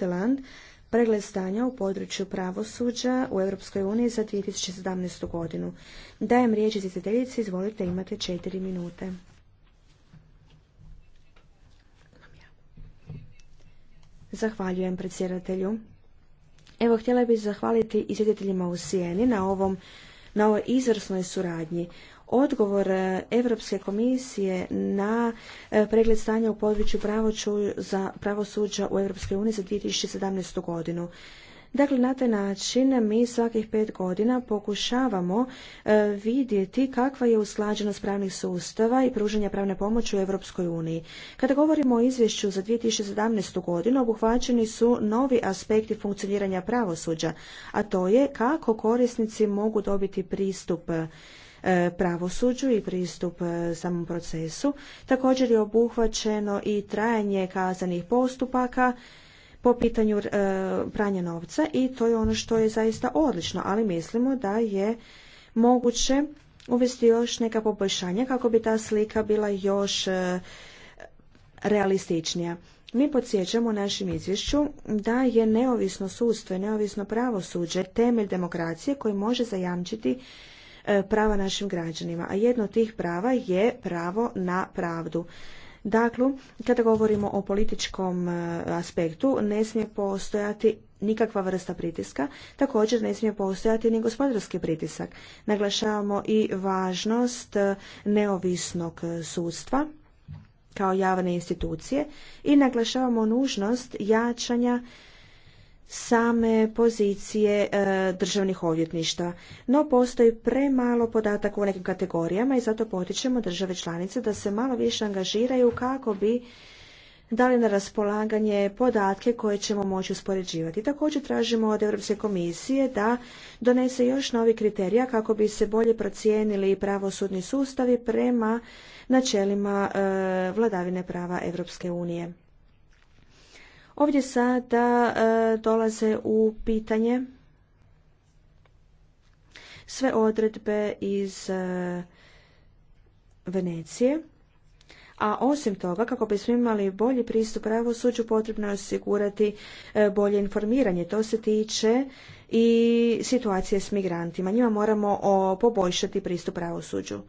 Land, pregled stanja u području pravosuđa u Europskoj uniji za 2017. godinu. Dajem riječ izvjestiteljici, izvolite, imate četiri minute. Zahvaljujem predsjedatelju. Evo, htjela bih zahvaliti izvjetiteljima u Sijeni na ovom na ovoj izvrsnoj suradnji odgovor Europske komisije na e, pregled stanja u području pravosuđa u Europskoj uniji za 2017. godinu. Dakle, na taj način mi svakih pet godina pokušavamo e, vidjeti kakva je usklađenost pravnih sustava i pružanja pravne pomoći u Europskoj uniji. Kada govorimo o izvješću za 2017. godinu, obuhvaćeni su novi aspekti funkcioniranja pravosuđa, a to je kako korisnici mogu dobiti pristup e, pravosuđu i pristup e, samom procesu. Također je obuhvaćeno i trajanje kazanih postupaka, po pitanju e, pranja novca i to je ono što je zaista odlično, ali mislimo da je moguće uvesti još neka poboljšanja kako bi ta slika bila još e, realističnija. Mi podsjećamo u našem izvješću da je neovisno sudstvo i neovisno pravosuđe temelj demokracije koji može zajamčiti e, prava našim građanima, a jedno od tih prava je pravo na pravdu. Dakle, kada govorimo o političkom e, aspektu, ne smije postojati nikakva vrsta pritiska, također ne smije postojati ni gospodarski pritisak. Naglašavamo i važnost e, neovisnog sudstva kao javne institucije i naglašavamo nužnost jačanja same pozicije e, državnih odvjetništva. No postoji premalo podataka u nekim kategorijama i zato potičemo države članice da se malo više angažiraju kako bi dali na raspolaganje podatke koje ćemo moći uspoređivati. Također tražimo od Europske komisije da donese još novi kriterija kako bi se bolje procijenili pravosudni sustavi prema načelima e, vladavine prava Europske unije. Ovdje sada e, dolaze u pitanje sve odredbe iz e, Venecije. A osim toga, kako bismo imali bolji pristup pravosuđu, potrebno je osigurati e, bolje informiranje. To se tiče i situacije s migrantima. Njima moramo poboljšati pristup pravosuđu.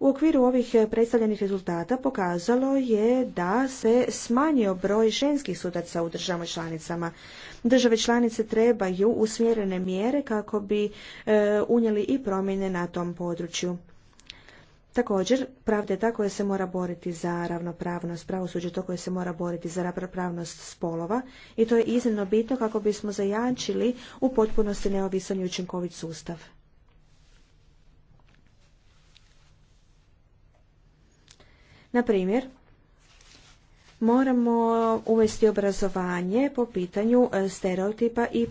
U okviru ovih e, predstavljenih rezultata pokazalo je da se smanjio broj ženskih sudaca u državama članicama. Države članice trebaju usmjerene mjere kako bi e, unijeli i promjene na tom području. Također, pravda je ta koja se mora boriti za ravnopravnost, pravosuđe to koje se mora boriti za ravnopravnost spolova i to je iznimno bitno kako bismo zajančili u potpunosti neovisan i učinkovit sustav. Na primjer, moramo uvesti obrazovanje po pitanju e, stereotipa i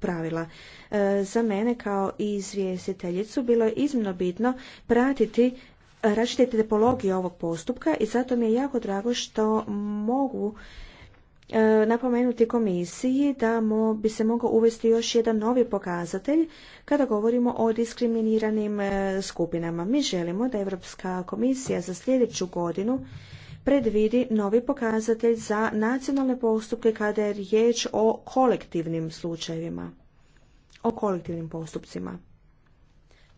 pravila. E, za mene kao izvjestiteljicu bilo je iznimno bitno pratiti različite tipologije ovog postupka i zato mi je jako drago što mogu E, napomenuti komisiji da mo, bi se mogao uvesti još jedan novi pokazatelj kada govorimo o diskriminiranim e, skupinama. Mi želimo da Europska komisija za sljedeću godinu predvidi novi pokazatelj za nacionalne postupke kada je riječ o kolektivnim slučajevima, o kolektivnim postupcima.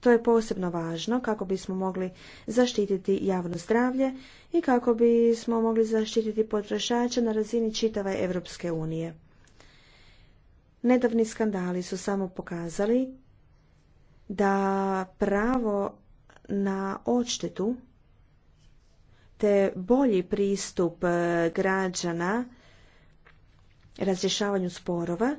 To je posebno važno kako bismo mogli zaštititi javno zdravlje i kako bismo mogli zaštititi potrošače na razini čitave Europske unije. Nedavni skandali su samo pokazali da pravo na odštetu te bolji pristup građana razrješavanju sporova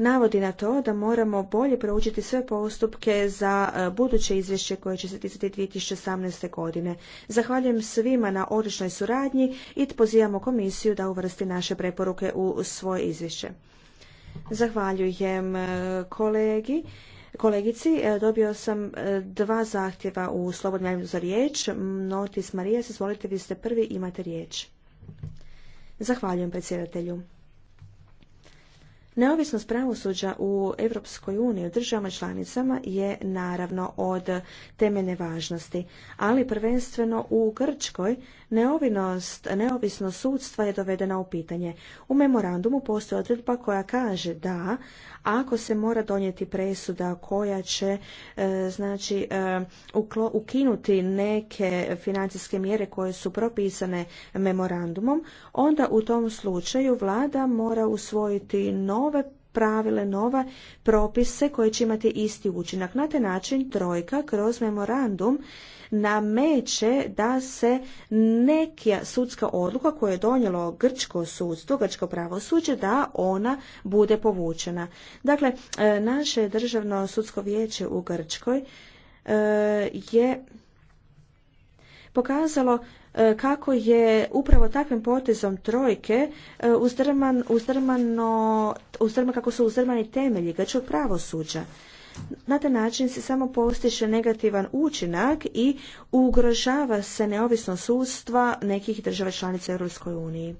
navodi na to da moramo bolje proučiti sve postupke za e, buduće izvješće koje će se ticati 2018. godine. Zahvaljujem svima na odličnoj suradnji i pozivamo komisiju da uvrsti naše preporuke u svoje izvješće. Zahvaljujem e, kolegi. Kolegici, e, dobio sam dva zahtjeva u slobodnom javljanju za riječ. Notis Marijas, izvolite, vi ste prvi, imate riječ. Zahvaljujem predsjedatelju. Neovisnost pravosuđa u Europskoj uniji, u državama članicama je naravno od temeljne važnosti, ali prvenstveno u Grčkoj neovisnost sudstva je dovedena u pitanje. U memorandumu postoji odredba koja kaže da ako se mora donijeti presuda koja će e, znači e, ukinuti neke financijske mjere koje su propisane memorandumom, onda u tom slučaju vlada mora usvojiti nove pravile nove propise koji će imati isti učinak. Na taj način trojka kroz memorandum nameće da se neka sudska odluka koju je donijelo grčko sudstvo, grčko pravosuđe, da ona bude povučena. Dakle, e, naše državno sudsko vijeće u Grčkoj e, je pokazalo e, kako je upravo takvim potezom trojke uzdrman, uzdrmano, uzdrman, kako su uzdrmani temelji grčkog pravosuđa. Na taj način se samo postiše negativan učinak i ugrožava se neovisnost sudstva nekih država članica Europskoj uniji.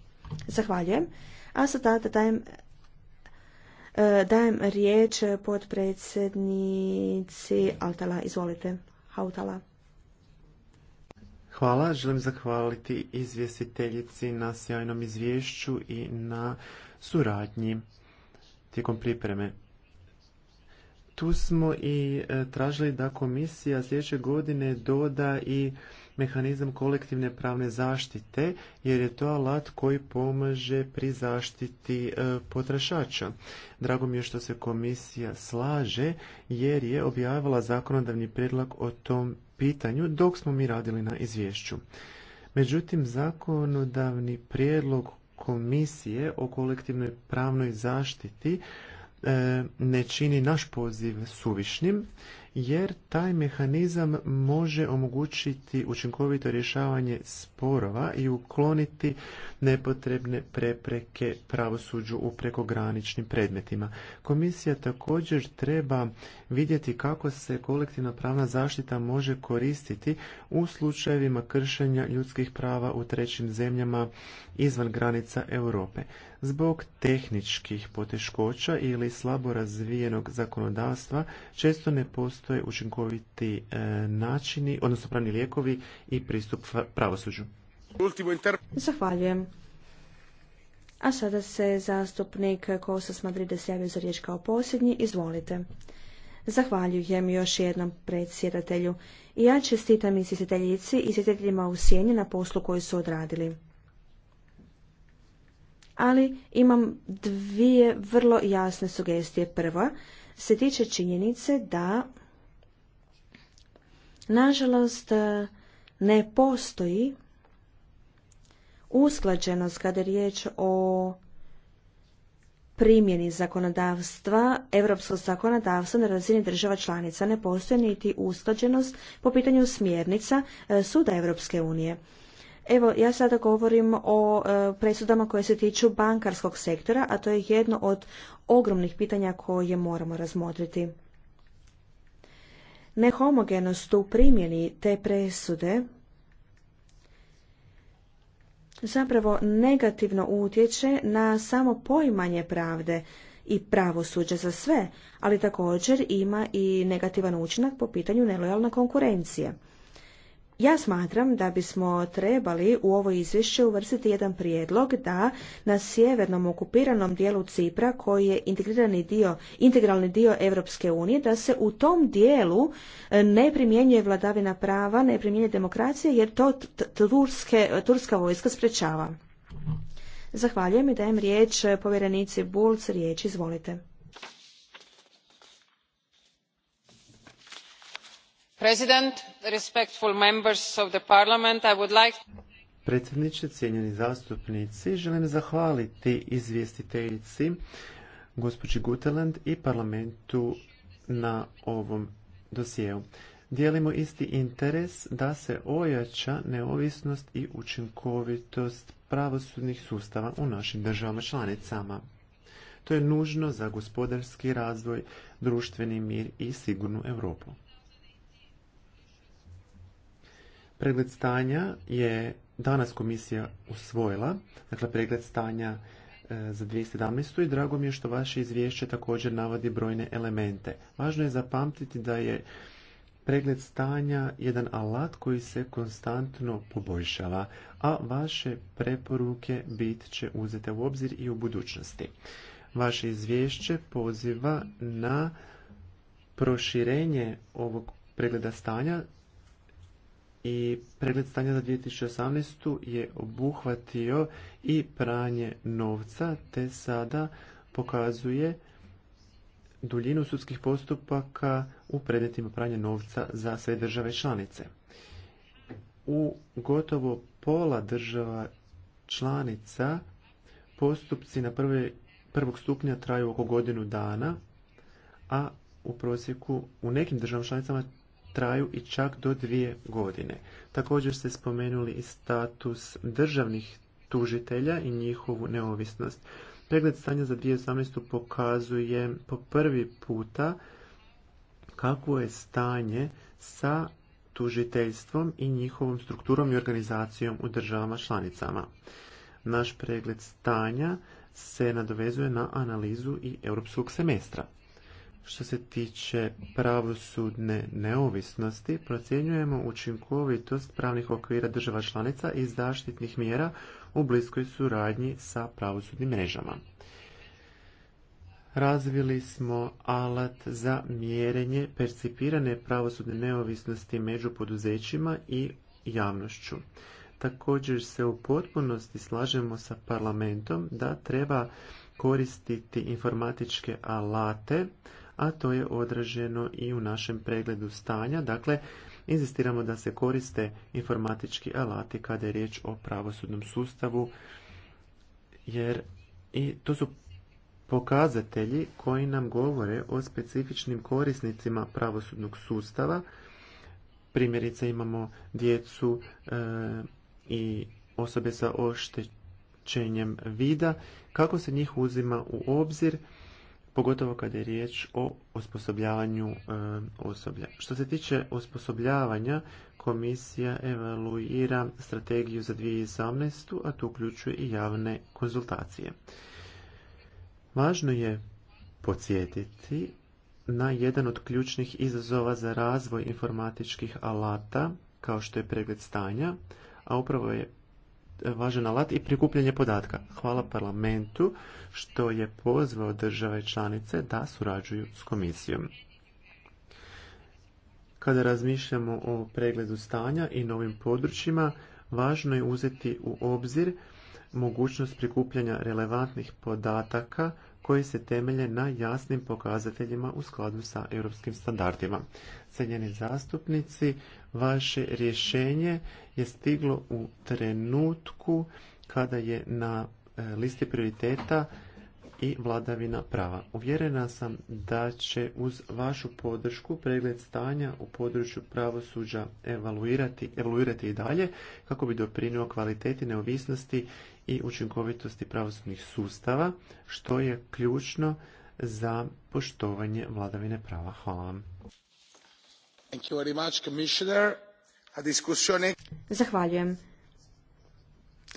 Zahvaljujem. A sada da dajem e, dajem riječ potpredsjednici Altala. Izvolite. Hautala. Hvala. Želim zahvaliti izvjestiteljici na sjajnom izvješću i na suradnji tijekom pripreme tu smo i e, tražili da komisija sljedeće godine doda i mehanizam kolektivne pravne zaštite jer je to alat koji pomaže pri zaštiti e, potrošača. Drago mi je što se komisija slaže jer je objavila zakonodavni prijedlog o tom pitanju dok smo mi radili na izvješću. Međutim, zakonodavni prijedlog komisije o kolektivnoj pravnoj zaštiti E, ne čini naš poziv suvišnim jer taj mehanizam može omogućiti učinkovito rješavanje sporova i ukloniti nepotrebne prepreke pravosuđu u prekograničnim predmetima. Komisija također treba vidjeti kako se kolektivna pravna zaštita može koristiti u slučajevima kršenja ljudskih prava u trećim zemljama izvan granica Europe. Zbog tehničkih poteškoća ili slabo razvijenog zakonodavstva često ne postoji postoje učinkoviti e, načini, odnosno pravni lijekovi i pristup pravosuđu. Zahvaljujem. A sada se zastupnik Kosas Madrides javio za riječ kao posljednji. Izvolite. Zahvaljujem još jednom predsjedatelju. I ja čestitam izvjestiteljici i sjeteljima u Sjeni na poslu koju su odradili. Ali imam dvije vrlo jasne sugestije. Prva se tiče činjenice da Nažalost, e, ne postoji usklađenost kada je riječ o primjeni zakonodavstva, europskog zakonodavstva na razini država članica ne postoji niti usklađenost po pitanju smjernica e, Suda Evropske unije. Evo, ja sada govorim o e, presudama koje se tiču bankarskog sektora, a to je jedno od ogromnih pitanja koje moramo razmotriti nehomogenost u primjeni te presude zapravo negativno utječe na samo pojmanje pravde i pravosuđa za sve, ali također ima i negativan učinak po pitanju nelojalna konkurencije. Ja smatram da bismo trebali u ovo izvješće uvrstiti jedan prijedlog da na sjevernom okupiranom dijelu Cipra koji je integrirani dio, integralni dio Europske unije, da se u tom dijelu e, ne primjenjuje vladavina prava, ne primjenjuje demokracija jer to turske, turska vojska sprečava. Zahvaljujem i dajem riječ e, povjerenici Bulc, riječ izvolite. President, respectful members of Predsjedniče, cijenjeni zastupnici, želim zahvaliti izvjestiteljici gospođi Guteland i parlamentu na ovom dosijeu. Dijelimo isti interes da se ojača neovisnost i učinkovitost pravosudnih sustava u našim državama članicama. To je nužno za gospodarski razvoj, društveni mir i sigurnu Europu. Pregled stanja je danas komisija usvojila, dakle pregled stanja e, za 2017. i drago mi je što vaše izvješće također navodi brojne elemente. Važno je zapamtiti da je pregled stanja jedan alat koji se konstantno poboljšava, a vaše preporuke bit će uzete u obzir i u budućnosti. Vaše izvješće poziva na proširenje ovog pregleda stanja i pregled stanja za 2018. je obuhvatio i pranje novca te sada pokazuje duljinu sudskih postupaka u predmetima pranja novca za sve države članice. U gotovo pola država članica postupci na prve, prvog stupnja traju oko godinu dana, a u prosjeku u nekim državama članicama traju i čak do dvije godine. Također ste spomenuli i status državnih tužitelja i njihovu neovisnost. Pregled stanja za 2018. pokazuje po prvi puta kakvo je stanje sa tužiteljstvom i njihovom strukturom i organizacijom u državama članicama. Naš pregled stanja se nadovezuje na analizu i europskog semestra. Što se tiče pravosudne neovisnosti, procjenjujemo učinkovitost pravnih okvira država članica i zaštitnih mjera u bliskoj suradnji sa pravosudnim mrežama. Razvili smo alat za mjerenje percipirane pravosudne neovisnosti među poduzećima i javnošću. Također se u potpunosti slažemo sa parlamentom da treba koristiti informatičke alate a to je odraženo i u našem pregledu stanja. Dakle, inzistiramo da se koriste informatički alati kada je riječ o pravosudnom sustavu, jer i to su pokazatelji koji nam govore o specifičnim korisnicima pravosudnog sustava. Primjerice imamo djecu e, i osobe sa oštećenjem vida, kako se njih uzima u obzir pogotovo kada je riječ o osposobljavanju e, osoblja. Što se tiče osposobljavanja, komisija evaluira strategiju za 2018. a to uključuje i javne konzultacije. Važno je podsjetiti na jedan od ključnih izazova za razvoj informatičkih alata, kao što je pregled stanja, a upravo je važan alat i prikupljanje podatka. Hvala parlamentu što je pozvao države članice da surađuju s komisijom. Kada razmišljamo o pregledu stanja i novim područjima, važno je uzeti u obzir mogućnost prikupljanja relevantnih podataka koji se temelje na jasnim pokazateljima u skladu sa europskim standardima. Cijenjeni zastupnici, vaše rješenje je stiglo u trenutku kada je na e, listi prioriteta i vladavina prava. Uvjerena sam da će uz vašu podršku pregled stanja u području pravosuđa evaluirati, evaluirati i dalje kako bi doprinio kvaliteti neovisnosti i učinkovitosti pravosudnih sustava, što je ključno za poštovanje vladavine prava. Hvala vam. Zahvaljujem.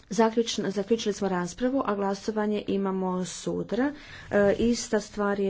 Zaključili smo raspravu, a glasovanje imamo sutra. E, ista stvar je